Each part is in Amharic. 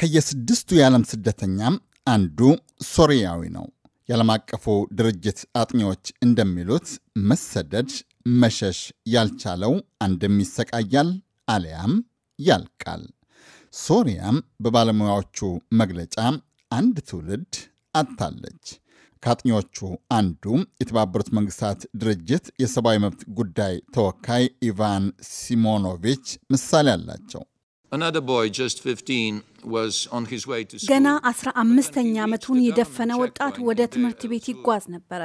ከየስድስቱ የዓለም ስደተኛ አንዱ ሶሪያዊ ነው። የዓለም አቀፉ ድርጅት አጥኚዎች እንደሚሉት መሰደድ መሸሽ ያልቻለው አንድም ይሰቃያል አሊያም ያልቃል። ሶሪያም በባለሙያዎቹ መግለጫ አንድ ትውልድ አጥታለች። ከአጥኚዎቹ አንዱ የተባበሩት መንግስታት ድርጅት የሰብአዊ መብት ጉዳይ ተወካይ ኢቫን ሲሞኖቪች ምሳሌ አላቸው። ገና አስራ አምስተኛ ዓመቱን የደፈነ ወጣት ወደ ትምህርት ቤት ይጓዝ ነበረ።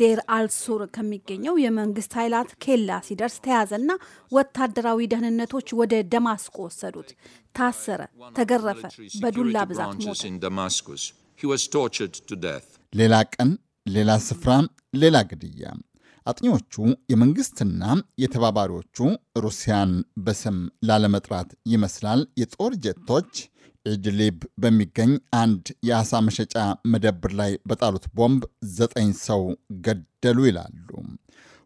ዴር አልሱር ከሚገኘው የመንግስት ኃይላት ኬላ ሲደርስ ተያዘና ወታደራዊ ደህንነቶች ወደ ደማስቆ ወሰዱት። ታሰረ፣ ተገረፈ፣ በዱላ ብዛት ሞተ። ሌላ ቀን፣ ሌላ ስፍራ፣ ሌላ ግድያ። አጥኚዎቹ የመንግስትና የተባባሪዎቹ ሩሲያን በስም ላለመጥራት ይመስላል የጦር ጀቶች ኢድሊብ በሚገኝ አንድ የአሳ መሸጫ መደብር ላይ በጣሉት ቦምብ ዘጠኝ ሰው ገደሉ ይላሉ።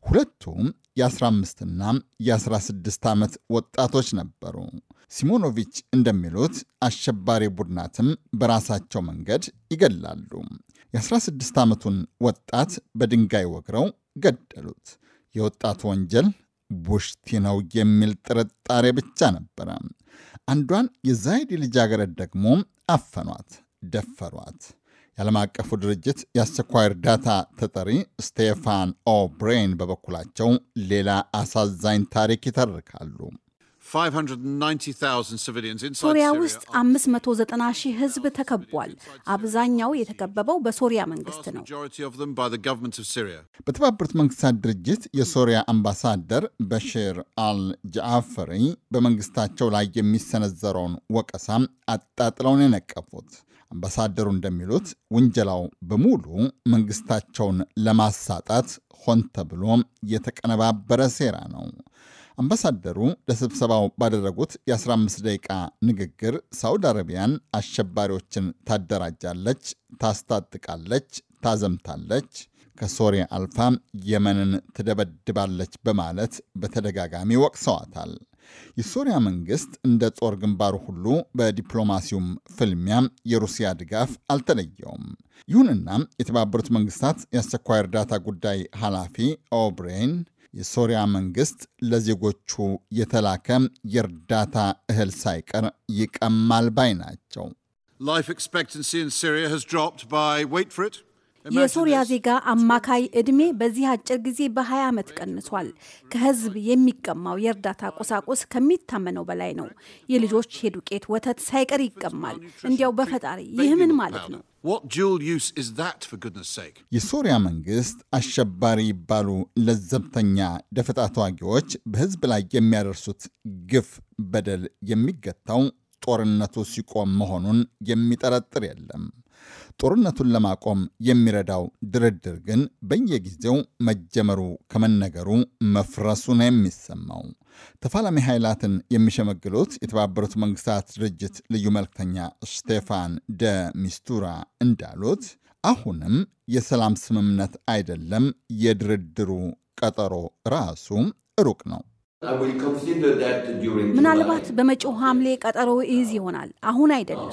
ሁለቱም የ15ና የ16 ዓመት ወጣቶች ነበሩ። ሲሞኖቪች እንደሚሉት አሸባሪ ቡድናትም በራሳቸው መንገድ ይገላሉ። የ16 ዓመቱን ወጣት በድንጋይ ወግረው ገደሉት። የወጣት ወንጀል ቡሽቲ ነው የሚል ጥርጣሬ ብቻ ነበረ። አንዷን የዛይድ ልጃገረድ ደግሞ አፈኗት፣ ደፈሯት። የዓለም አቀፉ ድርጅት የአስቸኳይ እርዳታ ተጠሪ ስቴፋን ኦብሬን በበኩላቸው ሌላ አሳዛኝ ታሪክ ይተርካሉ። ሶሪያ ውስጥ 590 ሺህ ህዝብ ተከቧል። አብዛኛው የተከበበው በሶሪያ መንግስት ነው። በተባበሩት መንግስታት ድርጅት የሶሪያ አምባሳደር በሽር አልጃፈሪ በመንግስታቸው ላይ የሚሰነዘረውን ወቀሳም አጣጥለውን የነቀፉት አምባሳደሩ እንደሚሉት ውንጀላው በሙሉ መንግስታቸውን ለማሳጣት ሆን ተብሎ የተቀነባበረ ሴራ ነው። አምባሳደሩ ለስብሰባው ባደረጉት የ15 ደቂቃ ንግግር ሳውዲ አረቢያን አሸባሪዎችን ታደራጃለች፣ ታስታጥቃለች፣ ታዘምታለች፣ ከሶሪያ አልፋ የመንን ትደበድባለች በማለት በተደጋጋሚ ወቅሰዋታል። የሶሪያ መንግስት እንደ ጦር ግንባሩ ሁሉ በዲፕሎማሲውም ፍልሚያ የሩሲያ ድጋፍ አልተለየውም። ይሁንና የተባበሩት መንግስታት የአስቸኳይ እርዳታ ጉዳይ ኃላፊ ኦብሬን የሶሪያ መንግስት ለዜጎቹ የተላከ የእርዳታ እህል ሳይቀር ይቀማል ባይ ናቸው። የሶሪያ ዜጋ አማካይ እድሜ በዚህ አጭር ጊዜ በ20 ዓመት ቀንሷል። ከህዝብ የሚቀማው የእርዳታ ቁሳቁስ ከሚታመነው በላይ ነው። የልጆች የዱቄት ወተት ሳይቀር ይቀማል። እንዲያው በፈጣሪ ይህ ምን ማለት ነው? የሶሪያ መንግስት አሸባሪ ይባሉ ለዘብተኛ ደፈጣ ተዋጊዎች በህዝብ ላይ የሚያደርሱት ግፍ፣ በደል የሚገታው ጦርነቱ ሲቆም መሆኑን የሚጠረጥር የለም። ጦርነቱን ለማቆም የሚረዳው ድርድር ግን በየጊዜው መጀመሩ ከመነገሩ መፍረሱ ነው የሚሰማው። ተፋላሚ ኃይላትን የሚሸመግሉት የተባበሩት መንግስታት ድርጅት ልዩ መልክተኛ ስቴፋን ደ ሚስቱራ እንዳሉት አሁንም የሰላም ስምምነት አይደለም፣ የድርድሩ ቀጠሮ ራሱ ሩቅ ነው። ምናልባት በመጪው ሐምሌ ቀጠሮ ይይዝ ይሆናል፣ አሁን አይደለም።